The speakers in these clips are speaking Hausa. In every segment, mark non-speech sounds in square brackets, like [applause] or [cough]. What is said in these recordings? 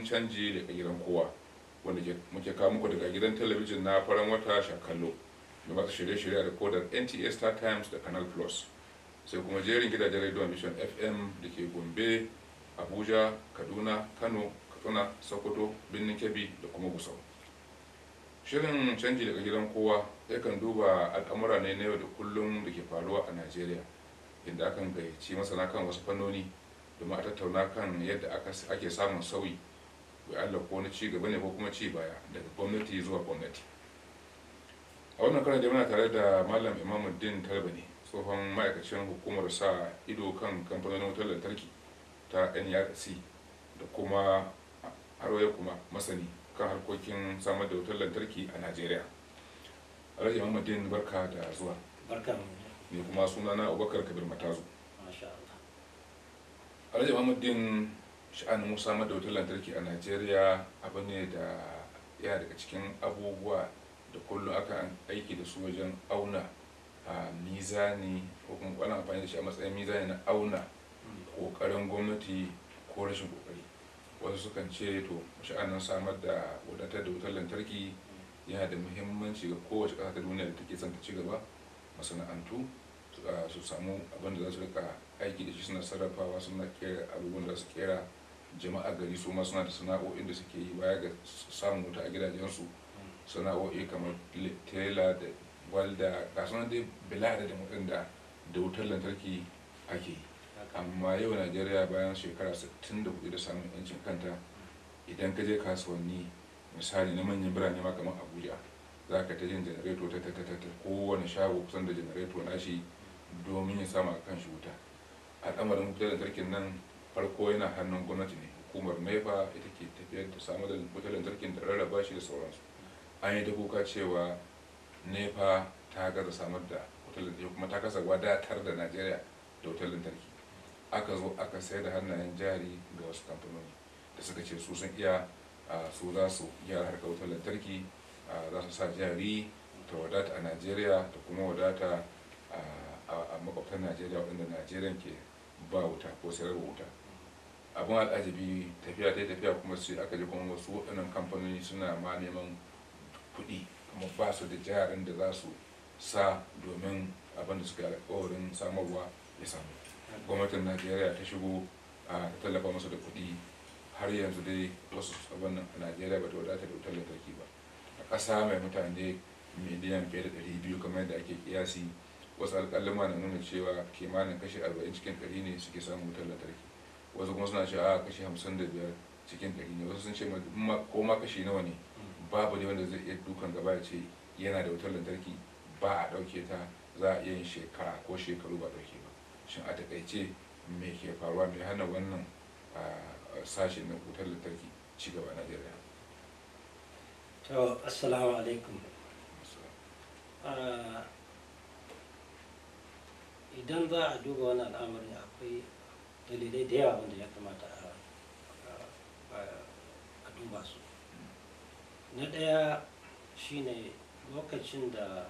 saƙon canji daga gidan kowa wanda muke kawo muku daga gidan talabijin na faran wata shakallo da masu shirye-shirye da rikodar nts star times da canal plus sai kuma jerin gidajen radio mission fm da ke gombe abuja kaduna kano katsina sokoto birnin kebbi da kuma gusau shirin canji daga gidan kowa yakan duba al'amura ne na yau da kullum da ke faruwa a nigeria inda akan gayyaci masana kan wasu fannoni domin a tattauna kan yadda ake samun sauyi Allah ko na ci gaba ne ko kuma ci baya daga gwamnati zuwa gwamnati a wannan karin da muna tare da malam imamuddin talbani tsohon ma'aikacin hukumar sa ido kan kamfanonin wutar lantarki ta nrc e da kuma harwaye kuma masani kan harkokin samar da wutar lantarki a najeriya alhaji imamuddin barka da zuwa ne kuma sunana abubakar kabir matazu alhaji imamuddin sha'anin samar da wutar lantarki a najeriya abu ne da ya daga cikin abubuwa da kullum aka aiki da su wajen auna a mizani ko kuma kwanan amfani da shi a matsayin mizani na auna kokarin gwamnati ko rashin kokari wasu sukan ce to sha'anin samar da wadatar da wutar lantarki yana da muhimmanci ga kowace ƙasa ta duniya da take son ta ci gaba masana'antu su samu abin da za su rika aiki da shi suna sarrafawa suna kera abubuwan da su kera jama'a gari su ma suna da sana'o'in da suke yi baya ga samun wuta a gidajensu sana'o'i kamar tela da walda ga sunan dai bilada da waɗanda da wutar lantarki ake amma yau najeriya bayan shekara 64 da samun yancin kanta idan ka je kasuwanni misali na manyan birane ma kamar abuja za ka ta yin janareto ta ta ta kowane shago kusan da janareto na shi domin ya sama kan shi wuta al'amarin wutar lantarkin nan farko yana hannun gwamnati ne hukumar maifa ita ke tafiyar da samar da wutar lantarkin da rarraba shi da sauransu an yi ta kuka cewa nefa ta gaza samar da wutar lantarki kuma ta kasa wadatar da najeriya da wutar lantarki aka zo aka sayar da hannayen jari ga wasu kamfanoni da suka ce su sun iya su za su gyara harkar wutar lantarki za su sa jari ta wadata a najeriya da kuma wadata a makwabtan najeriya waɗanda najeriya ke ba wuta ko sayarwa wuta abin al'ajabi tafiya ta tafiya kuma sai aka ji kuma wasu waɗannan kamfanoni suna ma neman kuɗi kuma ba su da jiharin da za su sa domin abin da suka alƙawarin samarwa ya samu gwamnatin najeriya ta shigo a tallafa masa da kuɗi har yanzu dai wasu abin a najeriya ba ta wadata da wutar lantarki ba a ƙasa mai mutane miliyan fiye da ɗari biyu kamar yadda ake kiyasi wasu alƙaluma na nuna cewa kimanin kashi arba'in cikin ɗari ne suke samun wutar lantarki wasu kuma suna cewa a ah, kashi hamsin da biyar cikin ɗari ne wasu sun ce ko ma kashi nawa ne babu ne wanda zai iya dukan gaba ya ce yana da wutar lantarki ba a ɗauke ta za a iya yin shekara ko shekaru ba ɗauke ba shin a takaice me ke faruwa mai hana wannan ah, sashen na wutar lantarki ci gaba na jirgin to assalamu alaikum ah, idan za a duba wani al'amari akwai dalilai da yawa wanda ya kamata a duba su na ɗaya shine lokacin da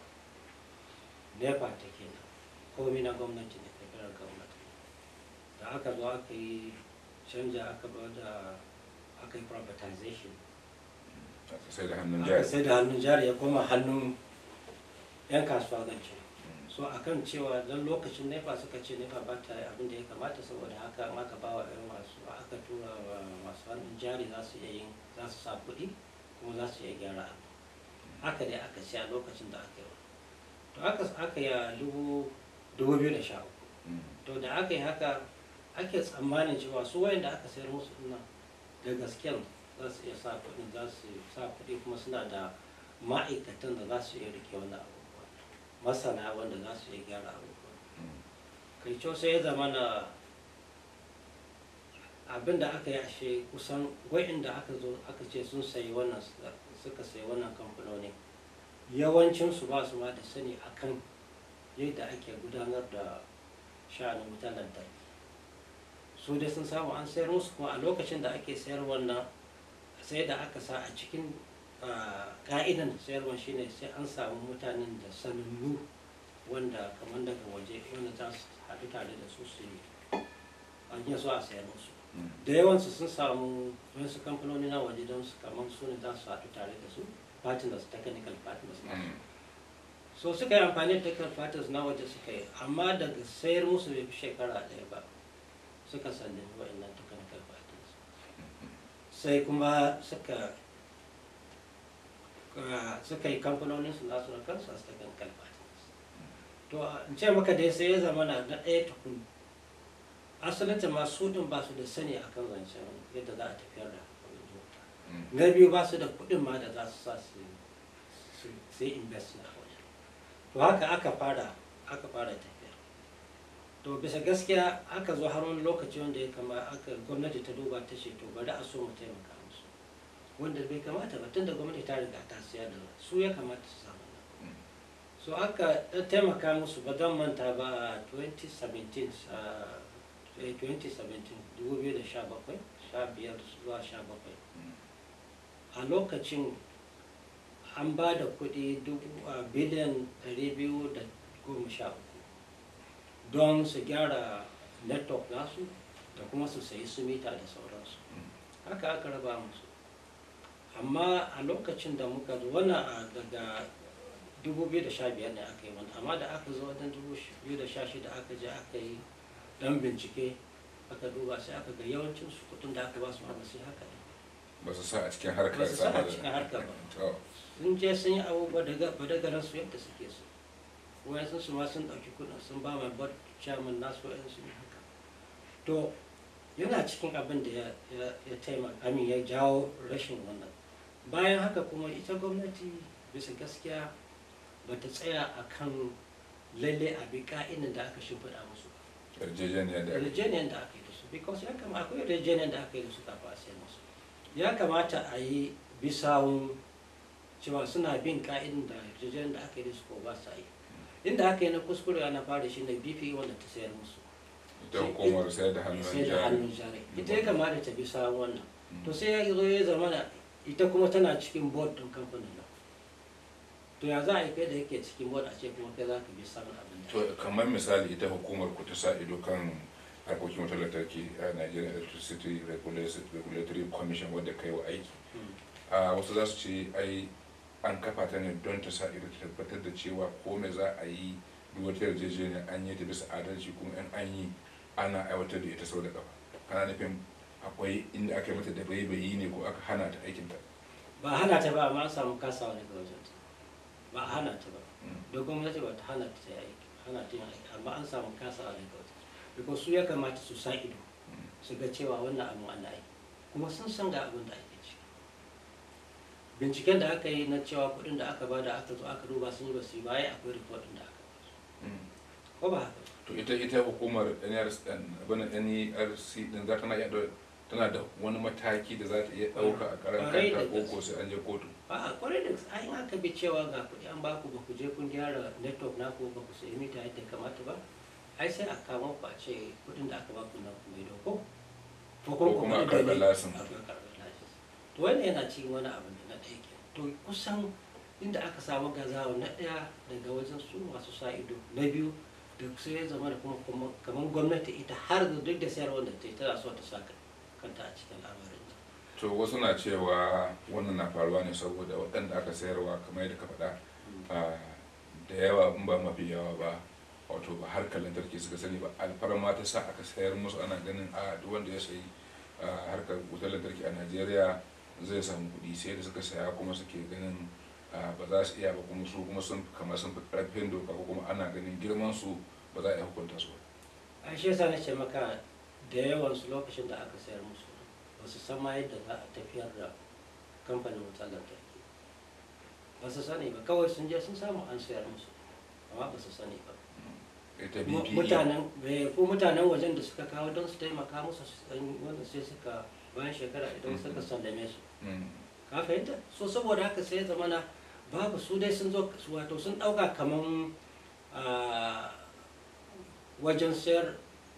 nepa ta ke nan komi na gwamnati ne tafiyarar gwamnati da aka zo aka yi canja aka ba da aka yi privatization aka sai da hannun jari ya koma hannun 'yan kasuwa zance so akan cewa don lokacin nepa suka ce nepa ba ta abin da ya kamata saboda haka in aka bawa irin masu aka tura masu hannun jari za su iya yin za su sa kuɗi kuma za su iya gyara abu haka dai aka ce a lokacin da aka yi to aka aka yi dubu dubu biyu da sha mm. to da aka yi haka ake tsammanin cewa su wayanda aka sayar musu nan da gasken za su iya sa kuɗi za su sa kuɗi kuma suna da ma'aikatan da za su iya rike wani abu masana wanda za su yi gyara abubuwa kai sai ya zama na abin da aka yashe kusan gwai da aka zo aka ce sun sayi wannan suka sayi wannan kamfanoni yawancinsu ba su ma da sani akan yadda ake gudanar da sha'anin wutan lantarki su dai sun samu an sayar musu kuma a lokacin da ake sayar wannan sai da aka sa a cikin ka'idan sayarwa shine sai an samu mutanen da sanannu wanda kamar daga waje wanda za su haɗu tare da su su an yi a sayar musu mm. da yawansu sun samu wasu kamfanoni na waje don su kamar su ne za su haɗu tare da su partners technical partners mm. so suka yi amfani da technical partners na waje suka yi amma daga sayar musu bai fi shekara ɗaya ba suka sallin wa'annan technical partners mm. sai kuma suka Ah, suka yi kamfanonin su nasu na kansu a stakin kalmati to in ce maka dai sai ya zama na ɗaya tukun asalinta su din ba su da sani akan zancen yadda za a tafiyar da mm. na biyu ba su da kuɗin ma da za su sa su yi invest na wajen to haka aka fara aka fara tafiya to bisa gaskiya aka zo har wani lokaci wanda ya kama aka gwamnati ta duba ta ce to bari a so mu taimaka wanda bai kamata ba tun da gwamnati ta riga ta siya da su ya kamata su samu mm. so aka taimaka musu ba don manta ba 2017 2017 zuwa 17 mm. a lokacin an ba da kudi biliyan 213 don su gyara network nasu da kuma su sayi su mita da sauransu mm. haka aka raba musu amma a lokacin da muka zo a daga 2015 ne aka yi wani amma da aka zo wajen 2016 aka je aka yi dan bincike aka duba sai aka ga yawancin su kudin da aka ba su ma sai haka ba su sa a cikin harkar ba su sa a cikin harkar ba sun je sun yi abubuwa daga badagaran su yadda suke su wayan sun su ma sun dauki kudin sun ba mai bar chairman nasu wayan su haka to yana cikin abin da ya taimaka amin ya jawo rashin wannan bayan haka kuma ita gwamnati bisa gaskiya ba ta tsaya a kan lalle a bi ka'inan da aka shimfiɗa musu yarjejeniyar da aka yi da su because ya kama akwai yarjejeniyar da aka yi da su kafa a sai musu ya kamata a yi bisawun cewa suna bin ka'idan da yarjejeniyar da aka yi da su ko ba sa yi inda aka yi na kuskure ana fara shi na bifi e wanda ta sayar musu ita kuma sayar da hannun jari ita ya kamata ta bi sawun wannan mm. to sai ya zo ya zama ita kuma tana cikin board din kamfanin nan to ya za a yi kai da yake cikin board a ce kuma kai za ka bi sabon abin to kamar misali ita hukumar ku ta sa ido kan harkokin wutar lantarki a Nigeria Electricity Regulatory Commission wadda kai wa aiki hmm. a wasu za su ce ai an kafa ta ne don ta sa ido ta tabbatar da cewa ko me za a yi duk wata yarjejeniya an yi ta bisa adalci kuma an yi ana aiwatar da ita sau da kafa kana nufin akwai inda aka yi mata da bai bai ne ko aka hana ta aikinta ba hana ta ba amma samu kasawa daga wajen ba hana ta ba hmm. da gwamnati ba ta hana ta ta aiki hana ta aiki amma an samu kasawa daga wajen biko su ya kamata su sa ido hmm. su ga cewa wannan abin ana yi kuma sun san ga abin da ake ci binciken da aka yi na cewa kuɗin da aka bada aka zo aka duba sun yi ba su yi baya akwai rikodin da aka hmm. ko ba haka to ita ita hukumar NRC din abin NRC e din za na iya tana da wani mataki da za ta iya ɗauka a karan kanta ko ko sai an je kotu a kwarai da ai in ka bi cewa ga kuɗi an baku ba ku je kun gyara network na ko ba ku sai mita yadda kamata ba ai sai a kama ku a ce kuɗin da aka baku na ku mai doko ko kuma a karɓar lasin to wannan yana cikin wani abu da na ɗaya to kusan inda aka samu gazawa na ɗaya daga wajen su masu sa ido na biyu da sai ya zama da kuma kamar gwamnati ita har da duk da sayarwar da ta yi tana so ta saka kanta a cikin lamarin to wasu na cewa wannan na faruwa ne saboda waɗanda aka sayarwa kamar yadda ka faɗa hmm. da yawa in ba mafi yawa ba wato ba harkar lantarki suka sani ba alfarma ta sa aka sayar musu ana ganin a duk wanda ya sayi harkar wutar lantarki a najeriya zai samu kuɗi sai da suka saya kuma suke ganin ba za su iya ba kuma su kuma sun kamar sun fi karfin doka ko kuma ana ganin girman su ba za a yi hukunta su ba. a shi yasa na ce maka da yawansu lokacin da aka sayar musu ba su san ma yadda za a tafiyar da kamfanin wutar lantarki ba su sani ba kawai sun je sun samu an sayar musu amma ba su sani ba e. ko mutanen wajen da suka kawo don su taimaka musu wanda sai suka bayan shekara idan mm-hmm. suka sallame su mm-hmm. ka fahimta so saboda haka sai zamana babu su dai sun zo wato sun dauka kaman ah, wajen sayar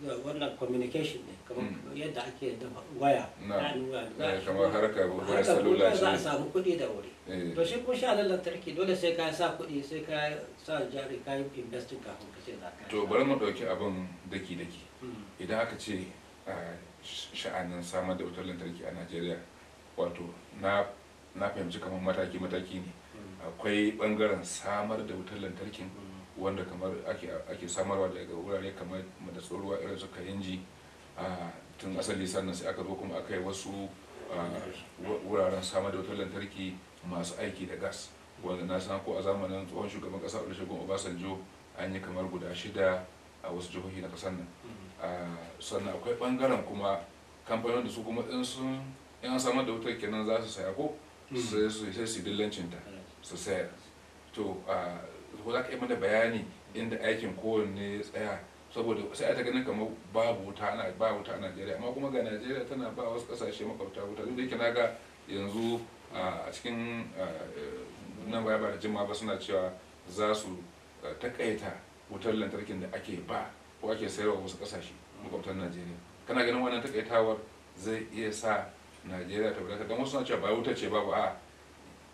wannan communication ne kamar hmm. yadda ake da waya eh, kamar harkar waya salula za a samu kuɗi da wuri eh. to shi kun sha na lantarki dole sai ka sa kuɗi sai ka sa jari ka yi investing kafin ka ce za ka to bari mu ɗauki abin daki daki hmm. idan aka ce sha'anin samar da wutar lantarki a najeriya wato na fahimci kamar mataki mataki ne hmm. akwai bangaren samar da wutar lantarkin wanda kamar ake samarwa daga wurare kamar madatsar ruwa irin su kayanji tun asali sannan sai aka zo kuma aka yi wasu wuraren samar da wutar lantarki masu aiki da gas wanda na san ko a zamanin tsohon shugaban kasa olusegun obasanjo an yi kamar guda shida a wasu jihohi na kasar nan sannan akwai bangaren kuma kamfanin da su kuma in sun samar da wutar kenan za su saya ko hmm. sai su dillancin ta su sayar to ko za ka yi mana bayani inda aikin kowanne ya tsaya saboda sai a ta ganin kamar babu wuta ana ba wuta a Najeriya amma kuma ga Najeriya tana ba wasu kasashe makwabta wuta duk da yake yanzu a cikin nan baya ba da jima ba suna cewa za su takaita wutar lantarkin da ake ba ko ake sayarwa wasu kasashe makwabtan Najeriya kana ganin wannan takaitawar zai iya sa Najeriya ta wadata don wasu suna cewa ba wuta ce babu a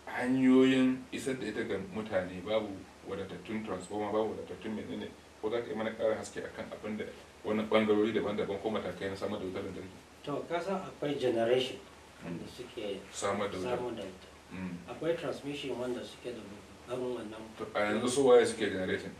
hanyoyin isar da ita ga mutane babu wadatattun transformer ba wadatattun menene ko za ka yi mana ƙara haske akan abin da wani bangarori daban-daban ko matakai na samar da wutar lantarki to ka san akwai generation wanda hmm. suke samar da wutar hmm. akwai transmission wanda suke da abin wannan a yanzu su waye suke generation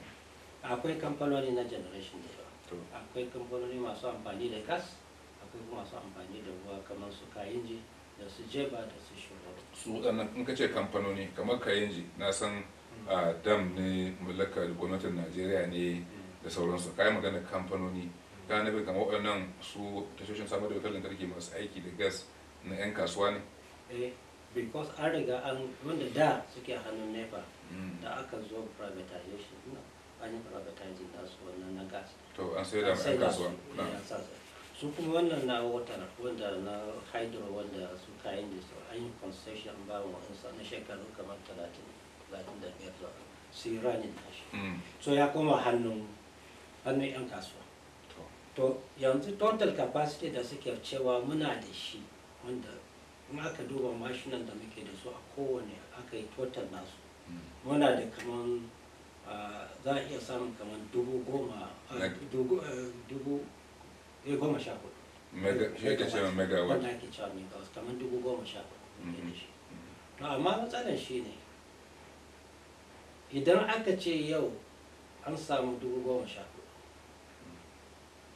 akwai kamfanoni na generation da yawa akwai kamfanoni masu amfani da gas akwai masu amfani da ruwa kamar su kayinji da su jeba da su shugaba. su waɗannan in ka ce kamfanoni kamar kayinji na san a dam ne mallakar gwamnatin najeriya ne da sauransu kayan magana kamfanoni ta nufin kamar waɗannan su tashoshin samar da wutar lantarki masu aiki da gas na 'yan kasuwa ne eh, because an riga an wanda da suke hannun nepa mm. da aka zo privatization an yi privatizing su wannan na gas to an sai da 'yan kasuwa su kuma wannan na water wanda na hydro wanda su kayan da su an yi concession ba wa na shekaru kamar talatin 35 zuwa su yi ranin nashi so ya hannun hannun 'yan kasuwa to yanzu total capacity da suke cewa muna da shi wanda in aka duba mashinan da muke da su a kowane aka yi total nasu hmm. muna da kaman za a iya samun kaman dubu goma dubu eh, eh, goma sha hudu wanda ake cewa megawatt kaman dubu goma sha hudu hmm. Hmm. amma matsalar shi ne idan aka ce yau an samu dubu goma sha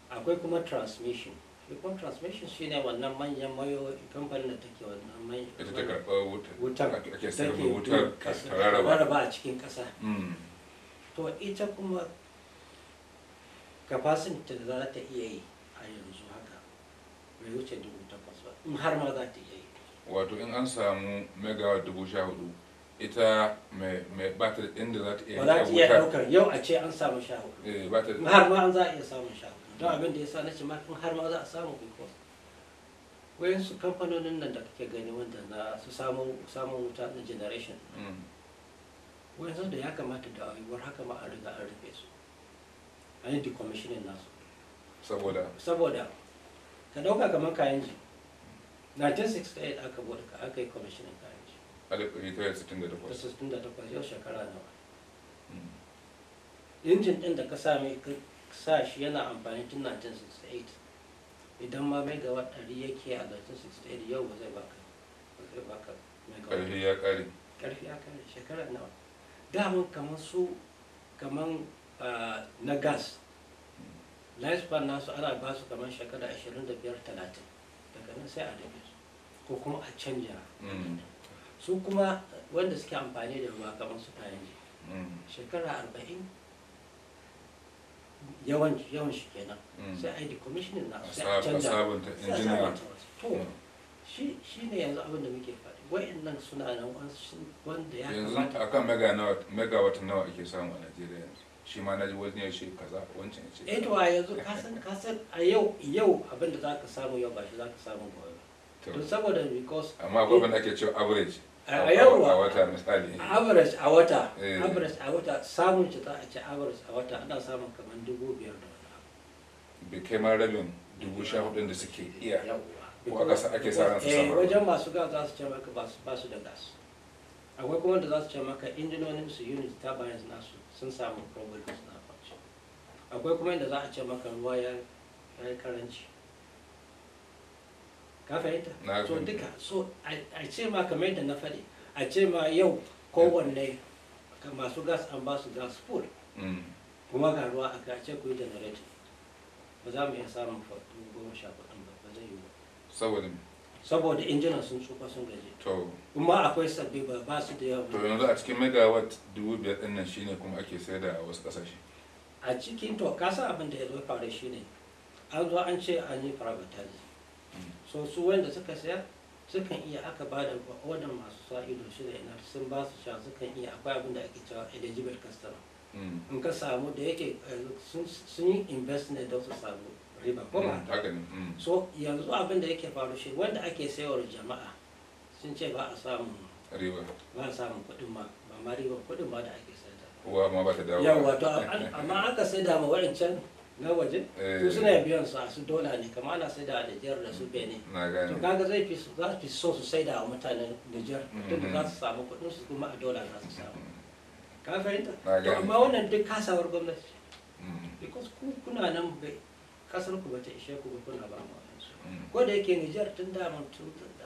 akwai kuma transmission shi kuma transmission shi ne wannan manyan mayo kamfanin da take wannan manyan ita ta karɓa wutar ake sarrafa wutar rarraba a cikin ƙasa hmm. to ita kuma capacity da za ta iya yi a yanzu haka mai wuce dubu takwas ba in har ma za ta iya yi wato in an samu megawatt dubu sha hudu ita mai batir inda za ta iya ba za ta iya daukar yau a ce an samu shahu eh, har ma an za a iya samun shahu don abin da ya sa na ce ma har ma za a samu wayan su kamfanonin nan da kake gani wanda na su samun wuta na generation mm. wayansu da ya kamata da ayyuwar haka ma a riga an rufe su A yi decommissioning nasu saboda saboda ka dauka kamar kayan ji 1968 aka bude aka yi commissioning kayan 1968 yau shekara nawa hmm. injin din da ka sa mai sa shi yana amfani tun 1968 idan ma mai megawatt ɗari yake a 1968 yau ba zai baka ba zai baka karfi ya kare karfi ya kare shekara nawa dama kamar su kamar na gas lifespan nasu ana ba su kamar shekara 25-30 daga nan sai a dabe su ko kuma a canja hmm. su kuma wanda suke amfani da ruwa kamar su kayanji mm. shekara arba'in yawan yawan shi kenan mm. sai a yi decommissioning na sai a canza to shi ne yanzu abin da muke faɗi nan suna nan wanda ya kamata yanzu a kan megawatt nawa ake samu a Najeriya yanzu shi ma na ji wani ya ce kaza wancan ya ce eh to a yanzu ka san ka san a yau yau abin da ka samu yau ba shi za ka samu gobe to saboda because amma akwai ake cewa average a yawa a wata average a wata eh. average a wata samun shi za a ce average a wata ana samun kamar dubu biyar da wata bai kai ma rabin dubu sha hudun da suke iya ko aka sa ake sa ransu eh, samar wajen masu gas za su ce maka ba su da gas akwai kuma da za su ce maka injinonin su unit ta turbines nasu sun samu problems suna function akwai kuma inda za a ce maka ruwa ya yi karanci ka fahimta so duka so a ce ma kamar yadda na faɗi a ce ma yau kowanne masu gas an ba su gas food mm. kuma ga ruwa a gace ku yi generator ba za mu iya samun fatu goma sha kuɗin ba ba zai yi ba saboda saboda injinan sun tsufa sun gaji kuma akwai sabbi ba ba su da yawa to yanzu a cikin megawatt dubu biyar ɗin nan shine kuma ake saida a wasu ƙasashe a cikin to kasa abin da ya zo faru shine an zo an ce an yi privatizing so su wanda suka siya sukan iya aka ba da wadanda masu sa ido da ina sun ba su sha sukan iya akwai abin da ake cewa eligible customer hmm. in ka samu da yake eh, sun yi investment da su samu riba ko ba hmm, hmm. so yanzu abin da yake faru shi wanda ake sayar jama'a sun ce ba a samu. riba ba a samu kuɗin ma ba ma riba kuɗin ma da ake sayar da yawa to amma aka sai da ma waɗancan na waje eh. to suna biyan su a su dola ne kama ana sai da Nijar da su Benin to kaga zai fi za fi so su sai da mutanen Nijar mm-hmm. tunda za su samu kuɗin su kuma a dola za su samu mm-hmm. ka fahimta to amma wannan duk kasawar gwamnati mm-hmm. because ku kuna nan bai kasar ku bata ishe ku kuna ba mu ko da yake Nijar tun da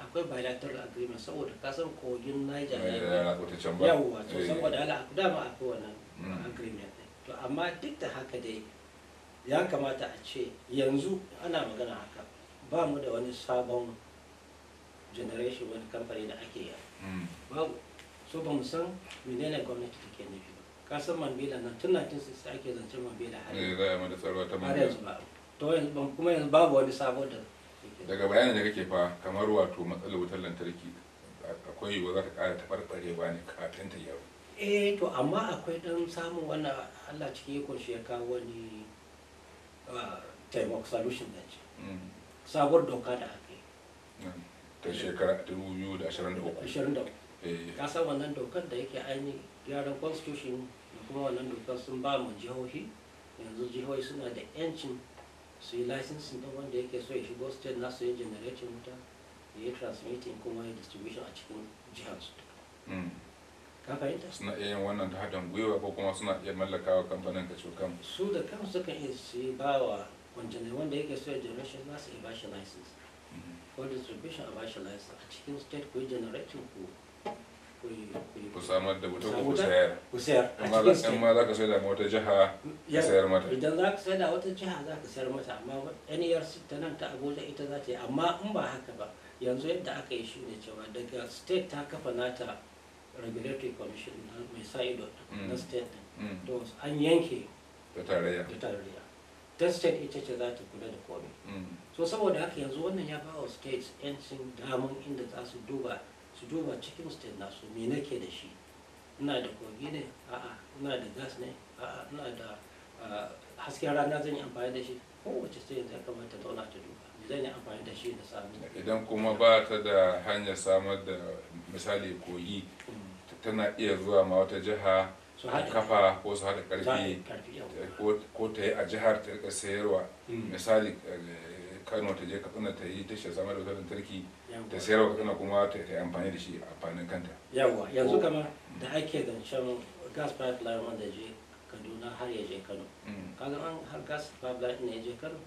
akwai bilateral agreement saboda kasar kogin Niger ya eh, yawa to eh. saboda ala dama akwai wannan agreement to amma duk da haka dai ya kamata a ce yanzu ana magana haka ba mu da wani sabon generation wani kamfani da ake yi hmm. babu so ba mu san menene gwamnati take nufi ba ka mambila na tun 1960 ake zancen mambila har eh, yanzu ba to yanzu kuma yanzu babu wani sabo da daga bayanin da kake fa kamar wato matsalar wutar lantarki akwai yiwuwa za ta ƙara taɓarɓarewa ne kafin ta yau eh to amma akwai ɗan samun wannan allah cikin ikon shi ya kawo ni. taimako solution da ce mm. sabuwar doka da haka mm. ta shekara 2023 eh. Ka san wannan dokar da yake aini gyaran constitution da kuma wannan dokar sun ba mu jihohi yanzu jihohi suna da yancin su yi laisinsin ɗin wanda yake so ya shigo state nasu ya generating wuta ya yi transmitting kuma ya distribution a cikin jihar su suna iya yin wannan da haɗin gwiwa ko kuma suna iya mallakawa kamfanin ka cokan su da su suka iya su yi ba wa wancan wanda yake so ya generation za su iya ba shi license mm-hmm. ko distribution a ba shi license a cikin state ko generation ko ku samar da wuta ku sayar ku sayar in ma za ka sayar da wata jiha ka sayar mata idan za ka sayar da wata jiha za ka sayar mata amma NERC ta nan ta Abuja ita za ta yi amma in ba haka ba yanzu yadda aka yi shi ne cewa daga state ta kafa nata regulatory commission na uh, mai sa ido mm. na state din mm. to an yanke ta tarayya ta state ita ce za ta kula da komai mm. so saboda haka yanzu wannan ya ba wa states yancin damun inda za su duba su duba cikin state nasu me nake da shi ina da kogi ne a'a ina da gas ne a'a ina da hasken rana zan yi amfani da shi kowace sai ya kamata zauna ta duba zan yi amfani da shi da samu idan kuma ba ta da hanyar samar da misali koyi tana iya zuwa ma wata jiha ta kafa ko su haɗa ƙarfi ko ta yi a jihar ta rika sayarwa hmm. misali eh, kano ta je katsina ta yi tashar samar da wutar lantarki ta sayarwa katsina kuma ta yi amfani da shi a amfanin kanta Yawwa yanzu kama da ake zancen gas pipeline wanda je kaduna har ya je kano hmm. kaga an har gas pipeline ne ya je kano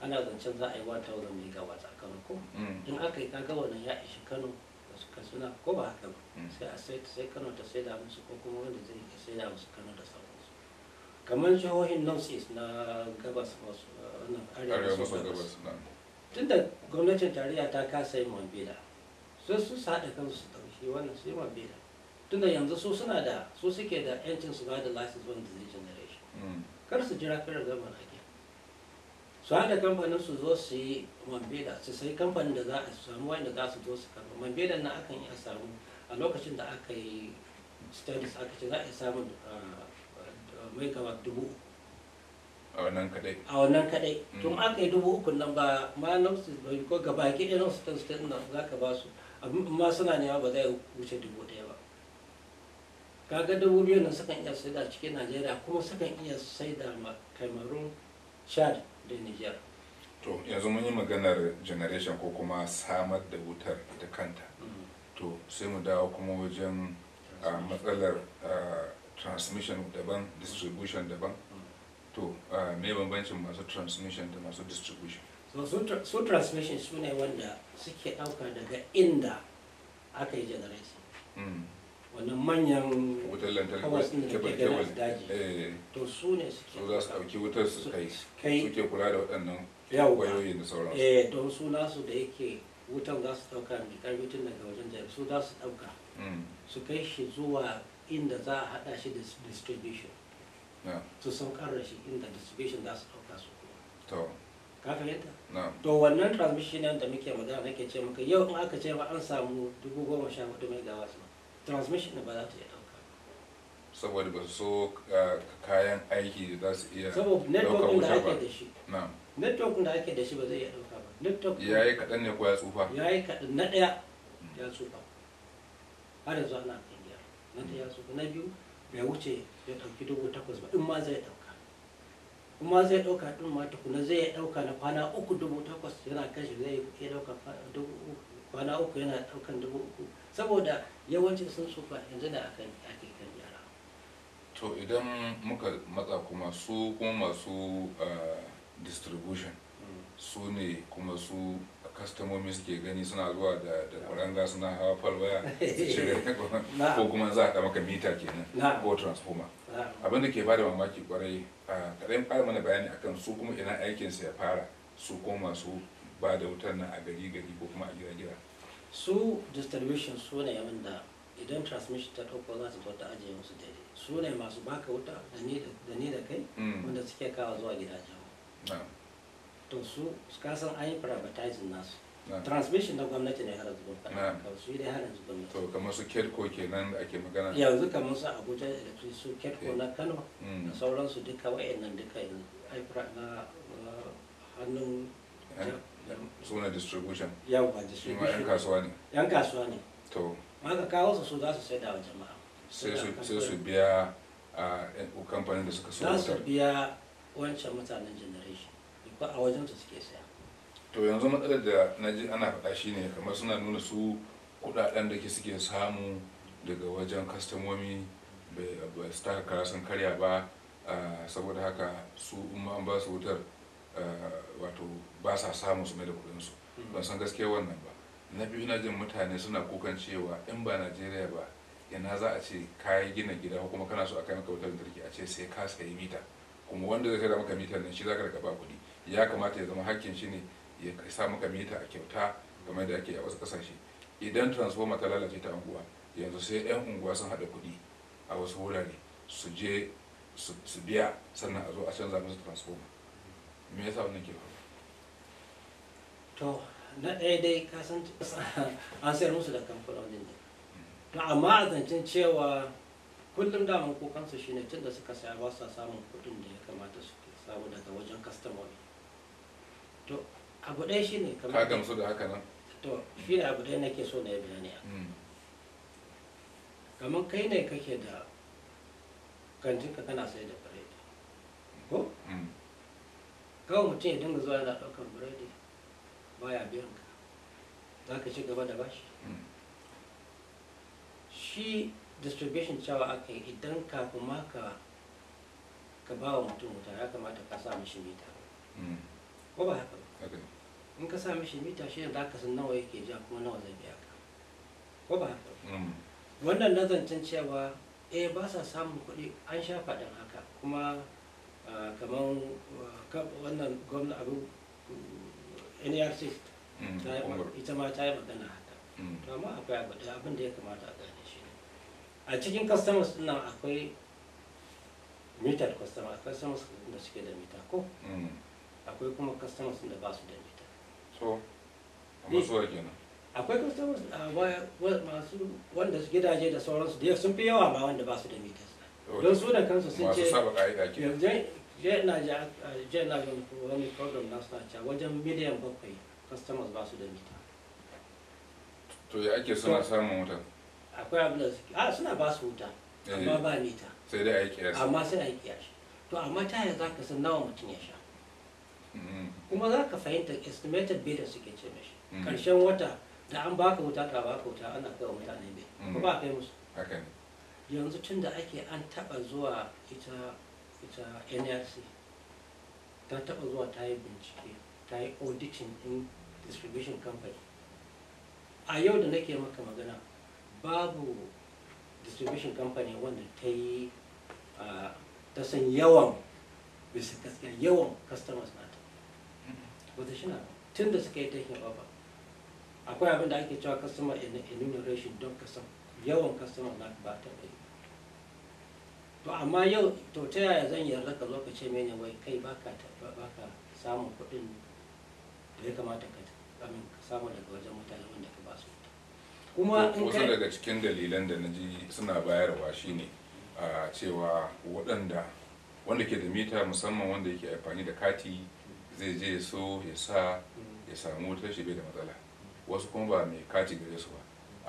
ana zancen za a yi 1000 megawatt a kano ko hmm. in aka yi kaga wannan ya ishi kano suna ko ba haka ba mm. sai a sai sai kano ta sai da musu ko kuma wanda zai ke sai da musu kano da sauransu kamar jihohin north na gabas masu eh, arewa maso gabas tun da gwamnatin tarayya ta kasa yin mambila sai su haɗa kansu su ɗauki wannan su yi mambila tun da yanzu su suna da su suke da yancin su ba da license wanda zai generation mm. kar su jira kar zaman ake su haɗa kamfanin su zo su yi man su sai kamfanin da za a samu wanda za su zo su karɓa man nan na akan yi a samu a lokacin da aka yi studies aka ce za a samu mai gaba dubu a wannan kadai a wannan kadai mm. tun aka yi dubu uku nan ba ma su ko gaba ki ɗaya namsu tan state nan za ka ba su amma suna nema ba zai wuce dubu ɗaya ba kaga dubu biyu nan sukan iya saida cikin najeriya kuma sukan iya saida kaimarun Shadi. to yanzu mun yi maganar generation ko kuma samar da wutar ita kanta mm. to sai mu dawo kuma wajen matsalar transmission daban distribution daban mm. to me bambancin masu transmission da masu distribution so transmission su ne wanda suke ɗauka daga inda aka yi generation mm. wannan manyan wutar lantarki da ke kebal eh, to su ne su za su ɗauki wutar su kai suke kula da waɗannan kwayoyi da sauransu eh don su nasu da yake wutan za su ɗauka mai ƙarfi tun daga wajen jami'a su za su ɗauka mm. su kai shi zuwa inda za a haɗa shi da distribution su san ƙarra shi inda distribution za su ɗauka su kuma ka fahimta to wannan transmission da muke magana nake ce maka yau in aka ce ma an samu dubu goma sha hudu su. transmission ba za ta iya ɗauka saboda ba so eh, kayan aiki da za su iya saboda network da ake da shi network da ake da shi ba zai iya ɗauka ba network ya yi kaɗan ne ko ya tsufa ya yi kaɗan na ɗaya ya tsufa har yanzu ana ƙungiyar na ɗaya ya tsufa na biyu bai wuce ya ɗauki dubu takwas ba in ma zai ɗauka kuma ma zai ɗauka ɗin ma tukuna zai iya ɗauka na kwana uku dubu takwas yana kashe zai iya ɗauka kwana uku yana ɗaukan dubu uku saboda yawancin sun tsufa yanzu da aka ake kan yara to idan muka matsa kuma su kuma masu eh, distribution mm. su ne kuma su kastamomi suke gani suna zuwa da kuranga suna hawa falwaya su cire [laughs] ko kuma za a maka mita kenan ko transformer abin da ke bada mamaki kwarai kaɗai fara mana bayani akan su kuma ina aikinsa ya fara su kuma masu ba da wutar nan a gari gari ko kuma a gida gida su distribution su ne wanda idan transmission ta ɗauko za su zo ta ajiye musu daidai su ne masu baka wuta da ni da kai mm. wanda suke kawo zuwa gidajen to su kasan an yi privatizing nasu transmission na gwamnati ne har zuwa ka su yi da har yanzu gwamnati to kamar su ketco kenan da ake magana yanzu kamar su abuja electric su ketco eh. na kano mm. da sauransu duka nan duka yanzu ai na hannun suna distribution yawwa distribution yan kasuwa ne yan kasuwa ne to maka kawo su su za su sai da jama'a sai su biya a eh, kamfanin da suka so za su biya wancan mutanen generation ba a wajen su suke saya to yanzu matsalar da na ji ana faɗa shi ne kamar suna nuna su kuɗaɗen da ke suke samu daga wajen kastamomi bai su taka karya ba saboda haka su umma an ba su wutar wato ba sa samu su mai da su. Hmm. ban san gaske wannan ba na biyu na jin mutane suna kukan cewa in ba najeriya ba ina za a ce yi gina gida ko kuma kana so a kai maka wutar lantarki a ce sai ka sayi mita kuma wanda zai saida maka mita nan shi zaka daga ba kuɗi ya kamata ya zama hakkin shi ne ya sa maka mita a kyauta kamar da ake a wasu kasashe idan transformer ta lalace ta unguwa yanzu sai yan unguwa sun haɗa kuɗi a wasu wurare su je su biya sannan a zo a canza musu transformer me yasa wannan ke faruwa to na ɗaya dai ka san an sayar musu da kamfanonin ne na amma a zancen cewa kullum daman kukansu shine tun da suka saya ba sa samun kudin da ya kamata su samu daga wajen kastamomi to abu ɗaya shine kamar ka gamsu da haka nan to shi abu ɗaya nake so na yi bayani a mm. kamar kai ne kake da ka kana sai da biredi ko mm. kawai mutum ya dinga zuwa yana ɗaukar biredi baya biyan ka za ka ci gaba da bashi hmm. shi distribution cewa aka yi idan ka kuma ka ka ba wa mutum wuta ya kamata ka sa mishi mita hmm. ko ba haka ba in ka sa mishi mita shi ne za ka san nawa yake ja kuma nawa zai biya ka ko ba haka ba hmm. wannan nazancin cewa e ba sa samun kuɗi an sha faɗin haka kuma ah, kamar ah, wannan gwamnan abin nrc e mm, ita ma ta yi magana haka mm. to amma akwai abu da abin da ya kamata a gane shi a cikin customers din nan akwai meter customer akwai customers da suke da meter ko mm. akwai kuma customers da ba su da meter so amma so yake kenan akwai customers masu wanda su gidaje da sauransu da sun fi yawa ba wanda ba su da meter don su da kansu sun ce jiya na ji jiya wani program na suna cewa wajen miliyan bakwai customers ba su da mita to ya ake suna samun wuta akwai abin da suke a suna ba su wuta eh. amma ba mita sai dai a yi kiyasi amma sai a yi kiyasi to amma ta yaya za ka san nawa mutum ya sha mm-hmm. kuma za ka fahimta estimated bill da suke ce mashi mm-hmm. karshen wata da an baka wuta ka baka wuta ana kai wa mutane bai mm-hmm. ba kai musu yanzu tun da ake an taba zuwa ita ita nrc ta taɓa zuwa ta yi bincike ta yi auditing in distribution company a yau da nake maka magana babu distribution company wanda ta yi ta san yawan bisa gaskiya yawan customers na ta wata shi na tun da suka yi taking over akwai abin da ake cewa customer enumeration don ka san yawan customers nata ba ta bai. to amma yau to ta yaya zan yarda ka zo ka ce mene wai kai baka baka samun kuɗin da ya kamata ka amin ka samu daga wajen mutane wanda ka ba su kuma in daga cikin dalilan da na ji suna bayarwa shine a cewa waɗanda wanda ke da mita musamman wanda yake amfani da kati zai je so ya sa ya samu wata shi bai da matsala wasu kuma ba mai kati gare su ba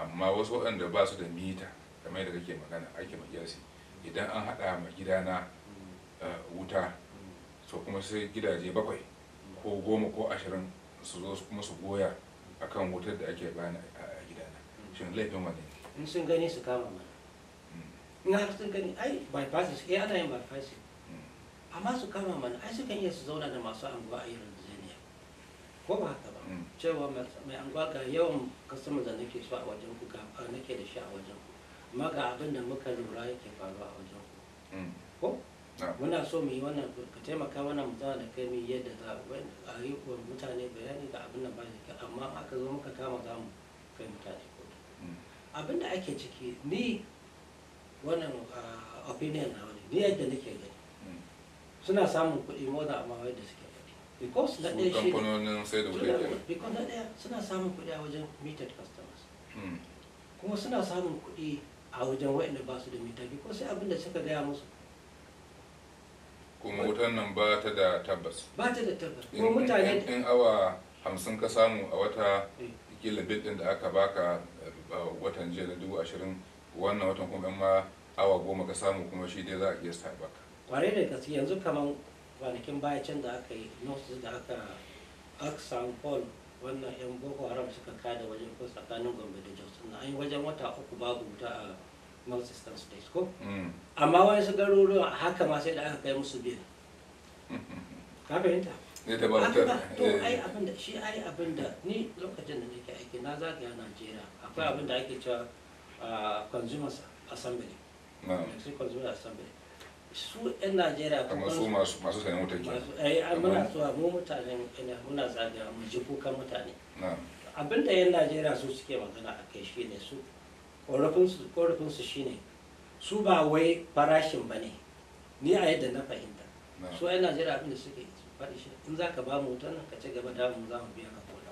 amma wasu waɗanda ba su da mita kamar yadda kake magana ake magyasi idan an haɗa ma gidana mm. eh, wuta so mm. kuma sai gidaje bakwai ko mm. goma ko ashirin su zo kuma su goya akan wutar da ake bani a gidana shin laifin wani ne in sun gani su kama mana in har sun gani ai bypass eh ana yin bypass amma su kama mana ai sukan iya su zauna da masu anguwa a irin zaniya ko ba haka ba cewa mai anguwa ga yawan kasama da nake so a wajen ku nake da shi a wajen ku amma abin da muka lura yake faruwa a wajen mm. ko muna so mu yi wannan ka taimaka mana mu zama da kai mu yadda za a yi wa mutane bayani ga abin da ba shi amma aka zo muka kama za mu kai mutane ko mm. abin da ake ciki ni wannan opinion na wani ni yadda nake gani mm. suna samun kuɗi moza amma wadda suke because na ɗaya shi because na ɗaya suna samun kuɗi a wajen meter customers kuma suna samun kuɗi a wajen waɗanda ba su da mita ko sai abin da suka gaya musu kuma wutan nan ba ta da tabbas ba ta da tabbas kuma mutane in awa hamsin ka samu a wata eh. kila bit din da aka baka watan jiya da dubu ashirin wannan watan kuma ma awa goma ka samu kuma shi dai za a iya sa baka kwarai da gaske yanzu kaman kwanakin baya can da aka yi nosu da aka aksan samu paul wannan yan boko haram suka kada wajen ko tsakanin gombe da jos na an yi wajen wata uku babu wuta a northeastern state ko mm. amma wasu garuruwa haka ma sai da aka kai musu biyu [laughs] ka fahimta ne da marutar to eh. ai abinda shi ai abinda ni lokacin da nake aiki na zagaya najeriya akwai abinda ake cewa consumers assembly sai consumers assembly su 'yan najeriya kuma su masu masu sayan wutar ke eh, ai su zuwa mu mutane muna zagaya mu ji kukan mutane abinda 'yan najeriya su suke magana a kai shi ne su ƙorafinsu shine su ba wai farashin ba ne ni a yadda na fahimta su yan najeriya abin da suke faɗi shi in za ka ba mu wutan nan ka ci gaba damu mu za mu biya ka kola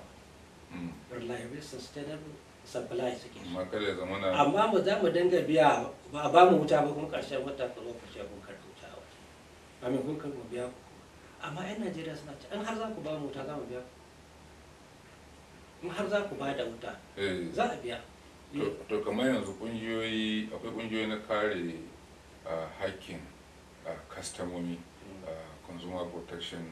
hmm. reliable sustainable supply suke amma mu za mu dinga biya ba a ba mu wuta ba kuma ƙarshen wata ka zo ce kun karɓi wuta a wata amin kun karɓi biya ku amma yan najeriya suna ce in har za ku ba mu wuta za mu biya ku in har za ku ba da wuta eh. za a biya to kamar yanzu kungiyoyi akwai kungiyoyi na kare hakkin kastamomi consumer protection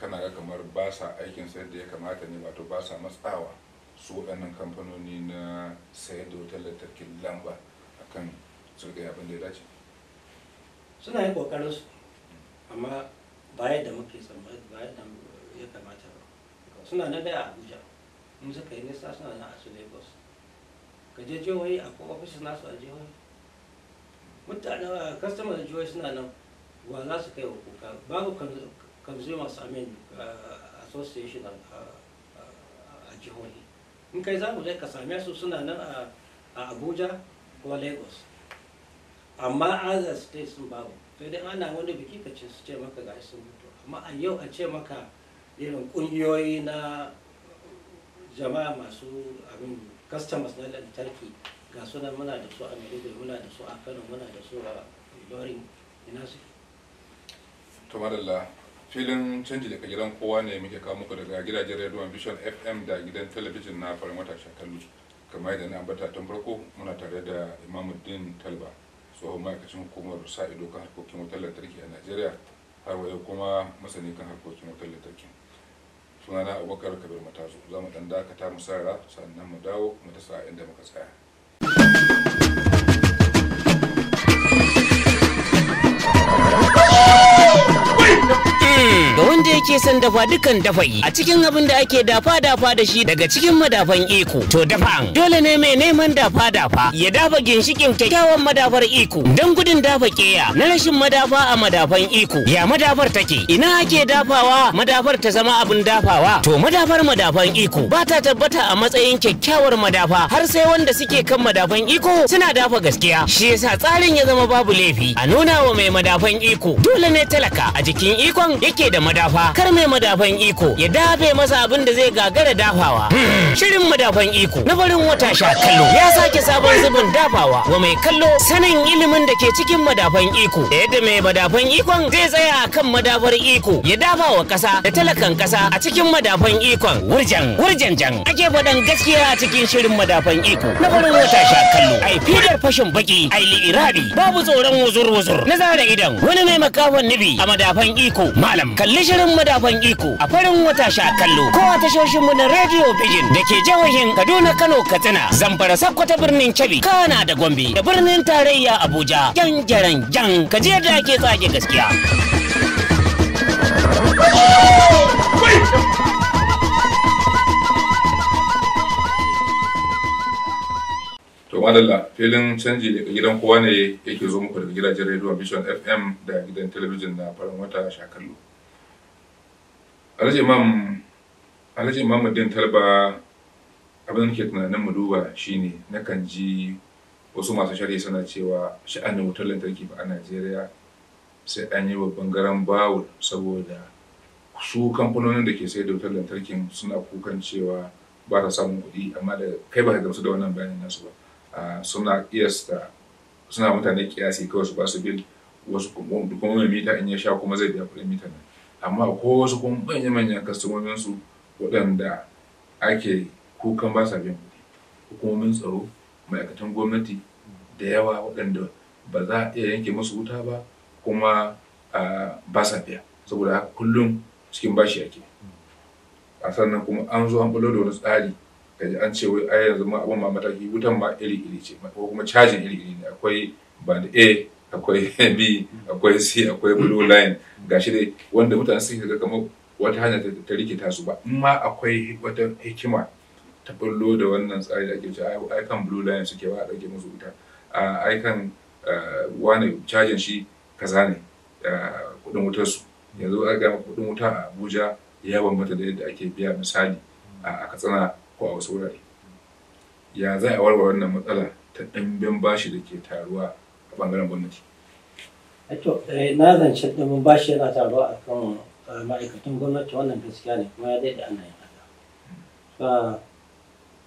kana ga kamar ba sa aikin sayar da ya kamata ne wato ba sa matsawa su waɗannan kamfanoni na sayar da wutar lantarkin lamba a su ga abin da ya dace suna yi ƙoƙarin su amma ba yadda muke tsammani ba yadda ya kamata ba suna na daya abuja in suka yi nisa suna na asu lagos ka je jihohi akwai ofis nasu a jihohi mutane a kastamar da jihohi suna nan wa za su kai hukuka babu consumer samin uh, association uh, uh, a jihohi in kai za mu je ka same su suna nan a abuja ko lagos amma other states sun babu sai dai ana wani biki ka ce su ce maka ga sun mutu amma a yau a ce maka irin kungiyoyi na jama'a masu abin customers na lantarki ga sunan muna da su a maiduguri muna da su a kano muna da su a lorin ina su to madalla filin canji daga gidan kowa ne muke kawo muku daga gidajen radio vision fm da gidan talabijin na farin wata shakalu kamar yadda na ambata tun farko muna tare da imamuddin talba tsohon ma'aikacin hukumar sa ido kan harkokin wutar lantarki a najeriya har wayo kuma masani kan harkokin wutar lantarki sunana abubakar kabir matazu za mu dan dakata mu sarara sannan mu dawo mu tasa inda muka tsaya da yake son dafa dukan yi a cikin abin da ake dafa dafa da shi daga cikin madafan iko to an dole ne mai neman dafa dafa ya dafa ginshikin kyakkyawan madafar iko don gudun dafa keya na rashin madafa a madafan iko ya madafar take ina ake dafawa madafar ta zama abin dafawa to madafar madafan iko ba ta tabbata a matsayin kyakkyawar madafa har sai wanda suke kan madafan iko suna dafa gaskiya shi yasa tsarin ya zama babu laifi a nuna wa mai madafan iko dole ne talaka a jikin ikon yake da madafa madafa kar mai madafan iko ya dafe masa abin da zai gagara dafawa hmm. shirin madafan iko na barin wata sha kallo ya sake sabon zubin dafawa wa mai kallo sanin ilimin da ke cikin madafan iko da yadda mai madafan ikon zai tsaya a kan madafar iko ya dafa wa kasa da talakan kasa a cikin madafan ikon wurjan wurjan jan ake faɗan gaskiya a cikin shirin madafan iko na barin wata sha kallo ai fidar fashin baki ai li'irabi babu tsoron wuzur wuzur na zara idan wani mai makafan nibi a madafan iko malam kalli shirin shirin madafan iko a farin wata sha kallo ko a tashoshin mu na radio vision da ke jihohin kaduna kano katsina zamfara ta birnin Chabi, kana da gombe da birnin tarayya abuja yan jaran jan ka da ake tsage gaskiya to madalla filin canji daga gidan kowa ne yake zo muku daga gidajen radio vision fm da gidan talabijin na farin wata shakallo alhaji imam alhaji imam talba abin da ke tunanin mu duba shine nakan ji wasu masu sharhi suna cewa sha'anin wutar lantarki ba a najeriya sai an yi babban garan bawo saboda su kamfanonin da ke sayar da wutar lantarkin suna kukan cewa ba ta samun kuɗi amma da kai ba ka gamsu da wannan bayanin nasu ba suna kiyasta suna mutane kiyasi kawai su ba su bil wasu kuma mita in ya sha kuma zai biya kuɗin mita nan amma ko wasu kuma manya manya kastomomin su waɗanda ake kukan ba sa biyan kuɗi hukumomin tsaro ma'aikatan gwamnati da yawa waɗanda ba za a iya yanke musu wuta ba kuma ba sa biya saboda haka kullum cikin bashi ake a sannan kuma an zo an bulo da wani tsari kaji an ce wai ai yanzu ma abun ma mataki wutan ma iri iri ce ko kuma cajin iri iri ne akwai band A akwai bi akwai c akwai blue line gashi dai wanda mutane suke ga kamar wata hanya ta rikita su ba in akwai wata hikima ta bullo da wannan tsari da ake ce ai kan blue line suke ba a dauke musu wuta ai kan wani cajin shi kaza ne kudin wutar su yanzu a ga kudin wuta a Abuja ya bambanta da yadda ake biya misali a Katsina ko a wasu wurare ya zai a warware wannan matsala ta ɗimbin bashi da ke taruwa a bangaren gwamnati to eh, na zance ɗin bashi yana taro a eh, ma'aikatan gwamnati wannan gaskiya ne kuma ya daidai ana yin haka Ba